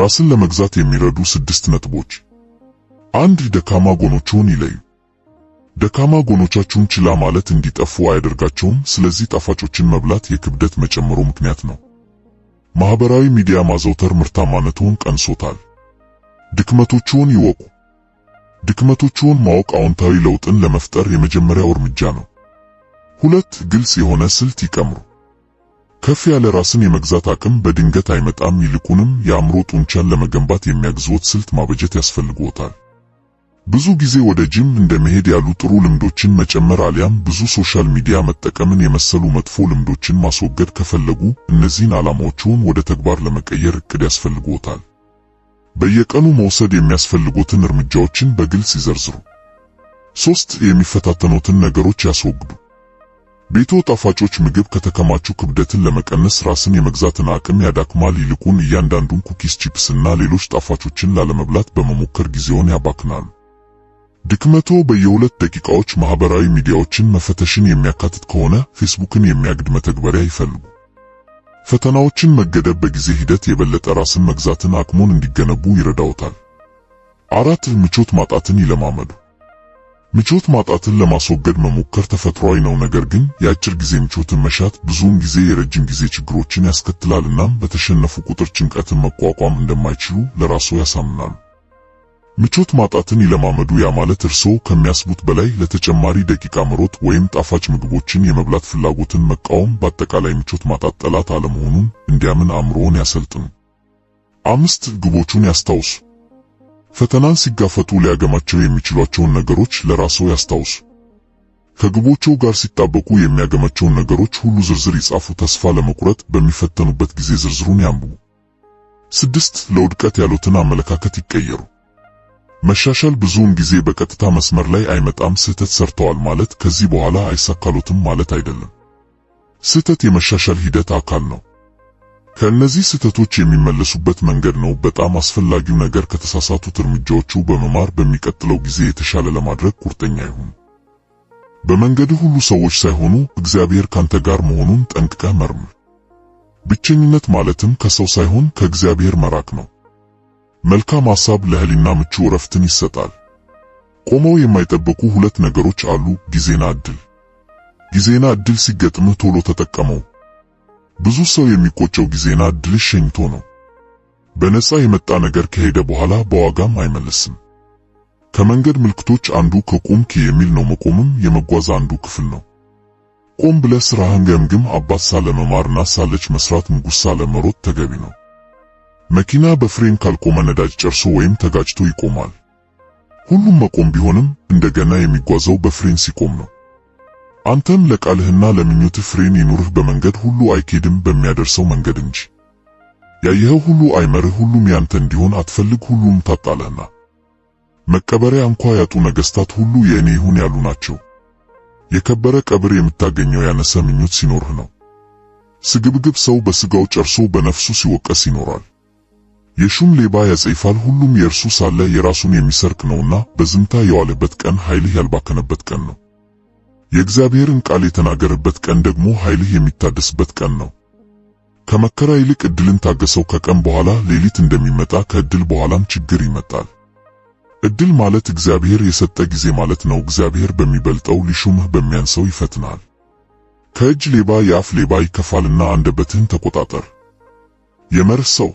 ራስን ለመግዛት የሚረዱ ስድስት ነጥቦች። አንድ ደካማ ጎኖችዎን ይለዩ። ደካማ ጎኖቻችሁን ችላ ማለት እንዲጠፉ አያደርጋቸውም። ስለዚህ ጣፋጮችን መብላት የክብደት መጨመሩ ምክንያት ነው። ማህበራዊ ሚዲያ ማዘውተር ምርታማነቱን ቀንሶታል። ድክመቶችዎን ይወቁ። ድክመቶችዎን ማወቅ አዎንታዊ ለውጥን ለመፍጠር የመጀመሪያው እርምጃ ነው። ሁለት ግልጽ የሆነ ስልት ይቀምሩ። ከፍ ያለ ራስን የመግዛት አቅም በድንገት አይመጣም። ይልቁንም የአእምሮ ጡንቻን ለመገንባት የሚያግዝዎት ስልት ማበጀት ያስፈልግዎታል። ብዙ ጊዜ ወደ ጂም እንደመሄድ ያሉ ጥሩ ልምዶችን መጨመር አሊያም ብዙ ሶሻል ሚዲያ መጠቀምን የመሰሉ መጥፎ ልምዶችን ማስወገድ ከፈለጉ እነዚህን ዓላማዎችን ወደ ተግባር ለመቀየር እቅድ ያስፈልግዎታል። በየቀኑ መውሰድ የሚያስፈልጉትን እርምጃዎችን በግልጽ ይዘርዝሩ። ሶስት የሚፈታተኑትን ነገሮች ያስወግዱ። ቤቶ ጣፋጮች ምግብ ከተከማቹ ክብደትን ለመቀነስ ራስን የመግዛትን አቅም ያዳክማል። ይልቁን እያንዳንዱን ኩኪስ፣ ቺፕስ እና ሌሎች ጣፋጮችን ላለመብላት በመሞከር ጊዜውን ያባክናል። ድክመቶ በየሁለት ደቂቃዎች ማህበራዊ ሚዲያዎችን መፈተሽን የሚያካትት ከሆነ ፌስቡክን የሚያግድ መተግበሪያ ይፈልጉ። ፈተናዎችን መገደብ በጊዜ ሂደት የበለጠ ራስን መግዛትን አቅሙን እንዲገነቡ ይረዳውታል። አራት ምቾት ማጣትን ይለማመዱ። ምቾት ማጣትን ለማስወገድ መሞከር ተፈጥሯዊ ነው። ነገር ግን የአጭር ጊዜ ምቾትን መሻት ብዙውን ጊዜ የረጅም ጊዜ ችግሮችን ያስከትላል። እናም በተሸነፉ ቁጥር ጭንቀትን መቋቋም እንደማይችሉ ለራስዎ ያሳምናሉ። ምቾት ማጣትን ይለማመዱ። ያ ማለት እርስዎ ከሚያስቡት በላይ ለተጨማሪ ደቂቃ መሮጥ ወይም ጣፋጭ ምግቦችን የመብላት ፍላጎትን መቃወም፣ በአጠቃላይ ምቾት ማጣት ጠላት አለመሆኑን እንዲያምን አእምሮውን ያሰልጥኑ። አምስት ግቦቹን ያስታውሱ። ፈተናን ሲጋፈጡ ሊያገማቸው የሚችሏቸውን ነገሮች ለራስዎ ያስታውሱ። ከግቦቸው ጋር ሲጣበቁ የሚያገማቸውን ነገሮች ሁሉ ዝርዝር ይጻፉ። ተስፋ ለመቁረጥ በሚፈተኑበት ጊዜ ዝርዝሩን ያንብቡ። ስድስት ለውድቀት ያሉትን አመለካከት ይቀየሩ። መሻሻል ብዙውን ጊዜ በቀጥታ መስመር ላይ አይመጣም። ስህተት ሰርተዋል ማለት ከዚህ በኋላ አይሳካሉትም ማለት አይደለም። ስህተት የመሻሻል ሂደት አካል ነው። ከእነዚህ ስህተቶች የሚመለሱበት መንገድ ነው። በጣም አስፈላጊው ነገር ከተሳሳቱት እርምጃዎቹ በመማር በሚቀጥለው ጊዜ የተሻለ ለማድረግ ቁርጠኛ ይሁን። በመንገዱ ሁሉ ሰዎች ሳይሆኑ እግዚአብሔር ካንተ ጋር መሆኑን ጠንቅቀህ መርምር። ብቸኝነት ማለትም ከሰው ሳይሆን ከእግዚአብሔር መራቅ ነው። መልካም ሐሳብ ለህሊና ምቹ እረፍትን ይሰጣል። ቆመው የማይጠበቁ ሁለት ነገሮች አሉ፣ ጊዜና እድል ጊዜና እድል ሲገጥምህ ቶሎ ተጠቀመው። ብዙ ሰው የሚቆጨው ጊዜና እድል ሸኝቶ ነው። በነፃ የመጣ ነገር ከሄደ በኋላ በዋጋም አይመለስም። ከመንገድ ምልክቶች አንዱ ከቆምክ የሚል ነው። መቆምም የመጓዝ አንዱ ክፍል ነው። ቆም ብለ ስራህን ገምግም። አባት ሳለ መማርና ሳለች መስራት፣ ንጉሥ ሳለ መሮጥ ተገቢ ነው። መኪና በፍሬን ካልቆመ ነዳጅ ጨርሶ ወይም ተጋጭቶ ይቆማል። ሁሉም መቆም ቢሆንም እንደገና የሚጓዘው በፍሬን ሲቆም ነው። አንተም ለቃልህና ለምኞትህ ፍሬን ይኑርህ። በመንገድ ሁሉ አይኬድም በሚያደርሰው መንገድ እንጂ። ያየኸው ሁሉ አይመርህ። ሁሉም ያንተ እንዲሆን አትፈልግ፣ ሁሉም ታጣለህና። መቀበሪያ እንኳ ያጡ ነገስታት ሁሉ የእኔ ይሁን ያሉ ናቸው። የከበረ ቀብር የምታገኘው ያነሰ ምኞት ሲኖርህ ነው። ስግብግብ ሰው በስጋው ጨርሶ በነፍሱ ሲወቀስ ይኖራል። የሹም ሌባ ያጸይፋል፣ ሁሉም የእርሱ ሳለ የራሱን የሚሰርቅ ነውና። በዝምታ የዋለበት ቀን ኃይልህ ያልባከነበት ቀን ነው። የእግዚአብሔርን ቃል የተናገረበት ቀን ደግሞ ኃይልህ የሚታደስበት ቀን ነው። ከመከራ ይልቅ እድልን ታገሰው። ከቀን በኋላ ሌሊት እንደሚመጣ ከእድል በኋላም ችግር ይመጣል። እድል ማለት እግዚአብሔር የሰጠ ጊዜ ማለት ነው። እግዚአብሔር በሚበልጠው ሊሹምህ፣ በሚያንሰው ይፈትናል። ከእጅ ሌባ የአፍ ሌባ ይከፋልና አንደበትህን ተቆጣጠር። የመርህ ሰው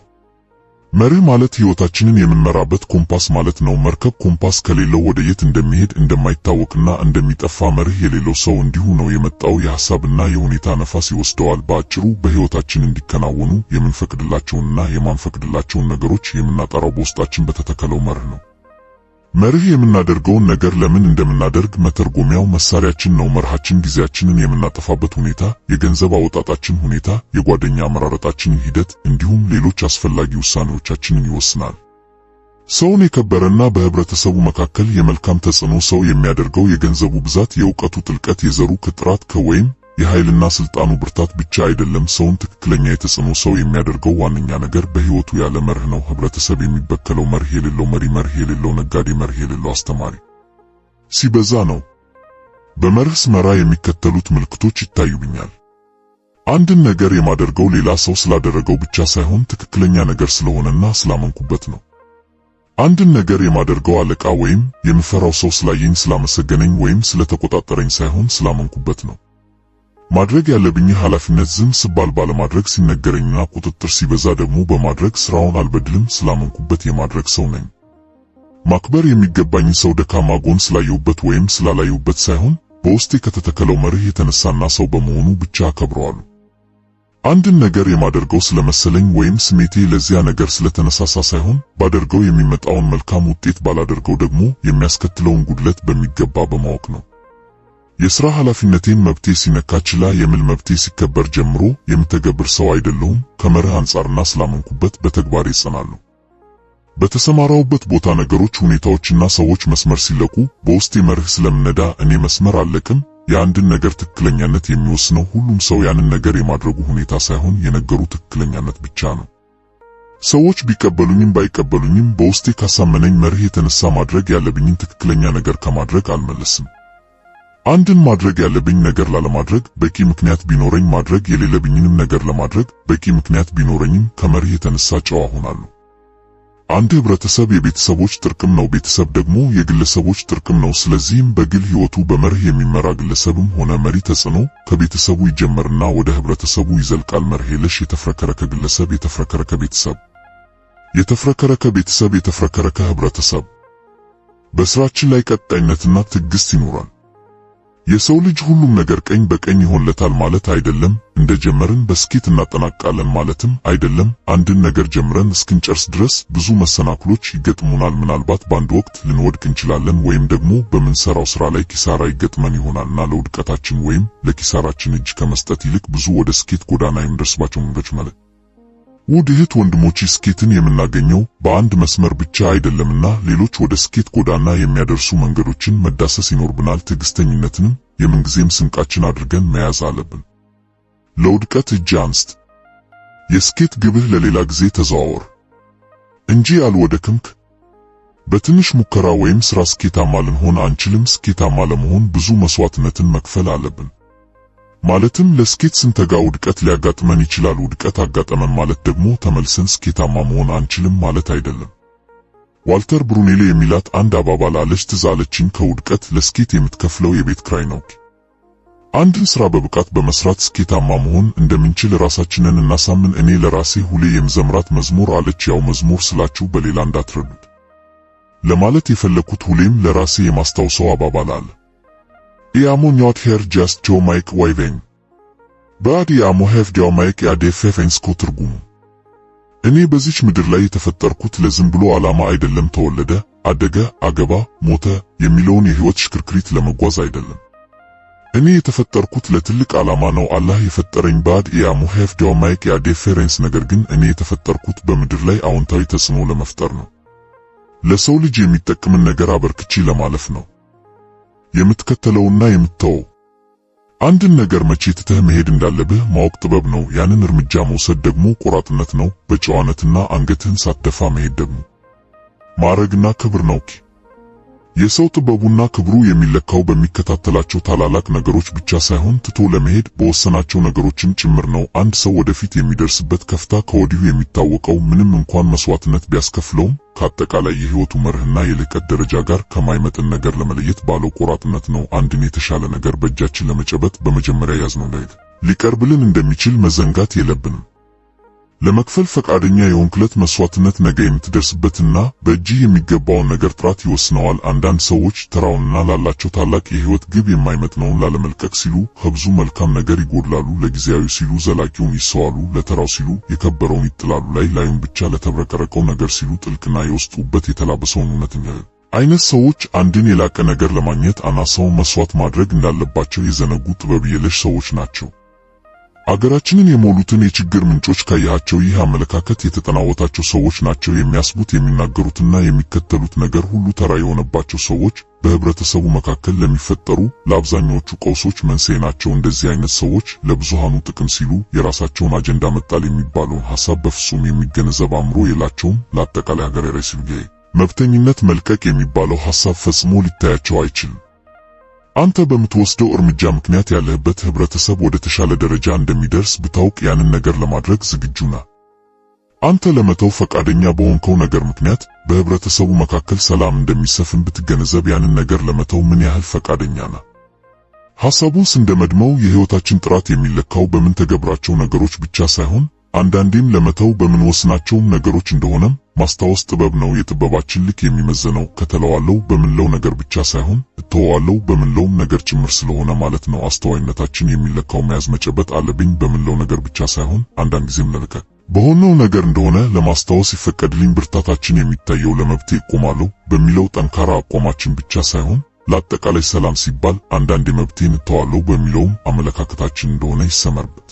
መርህ ማለት ህይወታችንን የምንመራበት ኮምፓስ ማለት ነው። መርከብ ኮምፓስ ከሌለው ወደ የት እንደሚሄድ እንደማይታወቅና እንደሚጠፋ መርህ የሌለው ሰው እንዲሁ ነው። የመጣው የሐሳብና የሁኔታ ነፋስ ይወስደዋል። በአጭሩ በህይወታችን እንዲከናወኑ የምንፈቅድላቸውንና የማንፈቅድላቸውን ነገሮች የምናጠራው በውስጣችን በተተከለው መርህ ነው። መርህ የምናደርገውን ነገር ለምን እንደምናደርግ መተርጎሚያው መሳሪያችን ነው። መርሃችን ጊዜያችንን የምናጠፋበት ሁኔታ፣ የገንዘብ አወጣጣችን ሁኔታ፣ የጓደኛ አመራረጣችንን ሂደት እንዲሁም ሌሎች አስፈላጊ ውሳኔዎቻችንን ይወስናል። ሰውን የከበረና በህብረተሰቡ መካከል የመልካም ተጽዕኖ ሰው የሚያደርገው የገንዘቡ ብዛት፣ የእውቀቱ ጥልቀት፣ የዘሩ ክጥራት ከወይም የኃይልና ስልጣኑ ብርታት ብቻ አይደለም ሰውን ትክክለኛ የተጽዕኖ ሰው የሚያደርገው ዋነኛ ነገር በህይወቱ ያለ መርህ ነው። ህብረተሰብ የሚበከለው መርህ የሌለው መሪ፣ መርህ የሌለው ነጋዴ፣ መርህ የሌለው አስተማሪ ሲበዛ ነው። በመርህ ስመራ የሚከተሉት ምልክቶች ይታዩብኛል። አንድን ነገር የማደርገው ሌላ ሰው ስላደረገው ብቻ ሳይሆን ትክክለኛ ነገር ስለሆነና ስላመንኩበት ነው። አንድን ነገር የማደርገው አለቃ ወይም የምፈራው ሰው ስላየኝ ስላመሰገነኝ ወይም ስለተቆጣጠረኝ ሳይሆን ስላመንኩበት ነው። ማድረግ ያለብኝ ኃላፊነት ዝም ስባል ባለማድረግ ሲነገረኝና ቁጥጥር ሲበዛ ደግሞ በማድረግ ስራውን አልበድልም። ስላመንኩበት የማድረግ ሰው ነኝ። ማክበር የሚገባኝ ሰው ደካማ ጎን ስላየሁበት ወይም ስላላየሁበት ሳይሆን በውስጤ ከተተከለው መርህ የተነሳና ሰው በመሆኑ ብቻ አከብረዋለሁ። አንድን ነገር የማደርገው ስለመሰለኝ ወይም ስሜቴ ለዚያ ነገር ስለተነሳሳ ሳይሆን ባደርገው የሚመጣውን መልካም ውጤት፣ ባላደርገው ደግሞ የሚያስከትለውን ጉድለት በሚገባ በማወቅ ነው። የሥራ ኃላፊነቴን መብቴ ሲነካችላ ችላ የምል መብቴ ሲከበር ጀምሮ የምተገብር ሰው አይደለሁም። ከመርህ አንጻርና ስላመንኩበት በተግባር እጸናለሁ። በተሰማራውበት ቦታ ነገሮች፣ ሁኔታዎችና ሰዎች መስመር ሲለቁ በውስጤ መርህ ስለምነዳ እኔ መስመር አለቅም። የአንድን ነገር ትክክለኛነት የሚወስነው ሁሉም ሰው ያንን ነገር የማድረጉ ሁኔታ ሳይሆን የነገሩ ትክክለኛነት ብቻ ነው። ሰዎች ቢቀበሉኝም ባይቀበሉኝም በውስጤ ካሳመነኝ መርህ የተነሳ ማድረግ ያለብኝን ትክክለኛ ነገር ከማድረግ አልመለስም። አንድን ማድረግ ያለብኝ ነገር ላለማድረግ በቂ ምክንያት ቢኖረኝ ማድረግ የሌለብኝንም ነገር ለማድረግ በቂ ምክንያት ቢኖረኝም ከመርህ የተነሳ ጨዋ ሆናለሁ። አንድ ህብረተሰብ የቤተሰቦች ጥርቅም ነው። ቤተሰብ ደግሞ የግለሰቦች ጥርቅም ነው። ስለዚህም በግል ህይወቱ በመርህ የሚመራ ግለሰብም ሆነ መሪ ተጽዕኖ ከቤተሰቡ ይጀመርና ወደ ህብረተሰቡ ይዘልቃል። መርህ የለሽ የተፍረከረከ ግለሰብ፣ የተፍረከረከ ቤተሰብ፣ የተፍረከረከ ቤተሰብ፣ የተፍረከረከ ህብረተሰብ። በስራችን ላይ ቀጣይነትና ትዕግስት ይኖራል። የሰው ልጅ ሁሉም ነገር ቀኝ በቀኝ ይሆንለታል ማለት አይደለም። እንደጀመርን በስኬት እናጠናቅቃለን ማለትም አይደለም። አንድን ነገር ጀምረን እስክንጨርስ ድረስ ብዙ መሰናክሎች ይገጥሙናል። ምናልባት በአንድ ወቅት ልንወድቅ እንችላለን፣ ወይም ደግሞ በምንሰራው ስራ ላይ ኪሳራ ይገጥመን ይሆናልና ለውድቀታችን ወይም ለኪሳራችን እጅ ከመስጠት ይልቅ ብዙ ወደ ስኬት ጎዳና የምንደርስባቸው መንገዶች ማለት ውድ እህት ወንድሞቼ ስኬትን የምናገኘው በአንድ መስመር ብቻ አይደለምና ሌሎች ወደ ስኬት ጎዳና የሚያደርሱ መንገዶችን መዳሰስ ይኖርብናል። ትዕግስተኝነትንም የምንጊዜም ስንቃችን አድርገን መያዝ አለብን። ለውድቀት እጅ አንስት። የስኬት ግብህ ለሌላ ጊዜ ተዘዋወር እንጂ አልወደክምክ። በትንሽ ሙከራ ወይም ስራ ስኬታማ ልንሆን አንችልም። ስኬታማ ለመሆን ብዙ መስዋዕትነትን መክፈል አለብን። ማለትም ለስኬት ስንተጋ ውድቀት ሊያጋጥመን ይችላል። ውድቀት አጋጠመን ማለት ደግሞ ተመልሰን ስኬታማ መሆን አንችልም ማለት አይደለም። ዋልተር ብሩኔሌ የሚላት አንድ አባባል አለች፣ ትዝ አለችኝ። ከውድቀት ለስኬት የምትከፍለው የቤት ክራይ ነው። አንድን ስራ በብቃት በመስራት ስኬታማ መሆን እንደምንችል ራሳችንን እናሳምን። እኔ ለራሴ ሁሌ የምዘምራት መዝሙር አለች። ያው መዝሙር ስላችሁ በሌላ እንዳትረዱት ለማለት የፈለኩት ሁሌም ለራሴ የማስታውሰው አባባል አለ። Io not here just to make waving. ባዕድ ያሞ ሄፍ ዲያው ማይክ ያዴፍ ፌንስኮ ትርጉሙ እኔ በዚች ምድር ላይ የተፈጠርኩት ለዝም ብሎ ዓላማ አይደለም። ተወለደ፣ አደገ፣ አገባ፣ ሞተ የሚለውን የህይወት ሽክርክሪት ለመጓዝ አይደለም። እኔ የተፈጠርኩት ለትልቅ ዓላማ ነው። አላህ የፈጠረኝ ባዕድ ያሞ ሄፍ ዲያው ማይክ ያዴፍ ፌሬንስ። ነገር ግን እኔ የተፈጠርኩት በምድር ላይ አዎንታዊ ተጽዕኖ ለመፍጠር ነው። ለሰው ልጅ የሚጠቅምን ነገር አበርክቼ ለማለፍ ነው። የምትከተለውና የምትተው። አንድን ነገር መቼ ትተህ መሄድ እንዳለብህ ማወቅ ጥበብ ነው። ያንን እርምጃ መውሰድ ደግሞ ቆራጥነት ነው። በጨዋነትና አንገትህን ሳትደፋ መሄድ ደግሞ ማዕረግና ክብር ነው። የሰው ጥበቡና ክብሩ የሚለካው በሚከታተላቸው ታላላቅ ነገሮች ብቻ ሳይሆን ትቶ ለመሄድ በወሰናቸው ነገሮችን ጭምር ነው። አንድ ሰው ወደፊት የሚደርስበት ከፍታ ከወዲሁ የሚታወቀው ምንም እንኳን መስዋዕትነት ቢያስከፍለውም ከአጠቃላይ የህይወቱ መርህና የልቀት ደረጃ ጋር ከማይመጥን ነገር ለመለየት ባለው ቆራጥነት ነው። አንድን የተሻለ ነገር በእጃችን ለመጨበጥ በመጀመሪያ ያዝነው ላይ ሊቀርብልን እንደሚችል መዘንጋት የለብንም። ለመክፈል ፈቃደኛ የሆንክለት መስዋዕትነት ነገ የምትደርስበትና በእጅህ የሚገባውን ነገር ጥራት ይወስነዋል። አንዳንድ ሰዎች ተራውንና ላላቸው ታላቅ የህይወት ግብ የማይመጥነውን ላለመልቀቅ ሲሉ ከብዙ መልካም ነገር ይጎድላሉ። ለጊዜያዊ ሲሉ ዘላቂውን ይሰዋሉ። ለተራው ሲሉ የከበረውን ይጥላሉ። ላይ ላዩን ብቻ ለተብረቀረቀው ነገር ሲሉ ጥልቅና የውስጡበት የተላበሰውን እውነትን አይነት ሰዎች አንድን የላቀ ነገር ለማግኘት አናሳውን መስዋዕት ማድረግ እንዳለባቸው የዘነጉ ጥበብ የለሽ ሰዎች ናቸው። አገራችንን የሞሉትን የችግር ምንጮች ካያቸው ይህ አመለካከት የተጠናወታቸው ሰዎች ናቸው የሚያስቡት የሚናገሩትና የሚከተሉት ነገር ሁሉ ተራ የሆነባቸው ሰዎች በህብረተሰቡ መካከል ለሚፈጠሩ ለአብዛኛዎቹ ቀውሶች መንስኤ ናቸው። እንደዚህ አይነት ሰዎች ለብዙሃኑ ጥቅም ሲሉ የራሳቸውን አጀንዳ መጣል የሚባለውን ሐሳብ በፍጹም የሚገነዘብ አእምሮ የላቸውም። ለአጠቃላይ ሀገራዊ መብተኝነት መልቀቅ የሚባለው ሐሳብ ፈጽሞ ሊታያቸው አይችልም። አንተ በምትወስደው እርምጃ ምክንያት ያለህበት ህብረተሰብ ወደ ተሻለ ደረጃ እንደሚደርስ ብታውቅ ያንን ነገር ለማድረግ ዝግጁ ነህ። አንተ ለመተው ፈቃደኛ በሆንከው ነገር ምክንያት በህብረተሰቡ መካከል ሰላም እንደሚሰፍን ብትገነዘብ ያንን ነገር ለመተው ምን ያህል ፈቃደኛ ነህ? ሐሳቡን ስንደመድመው የህይወታችን ጥራት የሚለካው በምንተገብራቸው ነገሮች ብቻ ሳይሆን አንዳንዴም ለመተው በምንወስናቸውም ነገሮች እንደሆነ ማስታወስ ጥበብ ነው። የጥበባችን ልክ የሚመዘነው ከተለዋለው በምንለው ነገር ብቻ ሳይሆን እተወዋለው በምንለውም ነገር ጭምር ስለሆነ ማለት ነው። አስተዋይነታችን የሚለካው መያዝ መጨበጥ አለብኝ በምንለው ነገር ብቻ ሳይሆን አንዳንድ ጊዜም ለልከ በሆነው ነገር እንደሆነ ለማስታወስ ይፈቀድልኝ። ብርታታችን የሚታየው ለመብቴ እቆማለሁ በሚለው ጠንካራ አቋማችን ብቻ ሳይሆን ለአጠቃላይ ሰላም ሲባል አንዳንድ መብቴን እተዋለሁ በሚለውም አመለካከታችን እንደሆነ ይሰመርበት።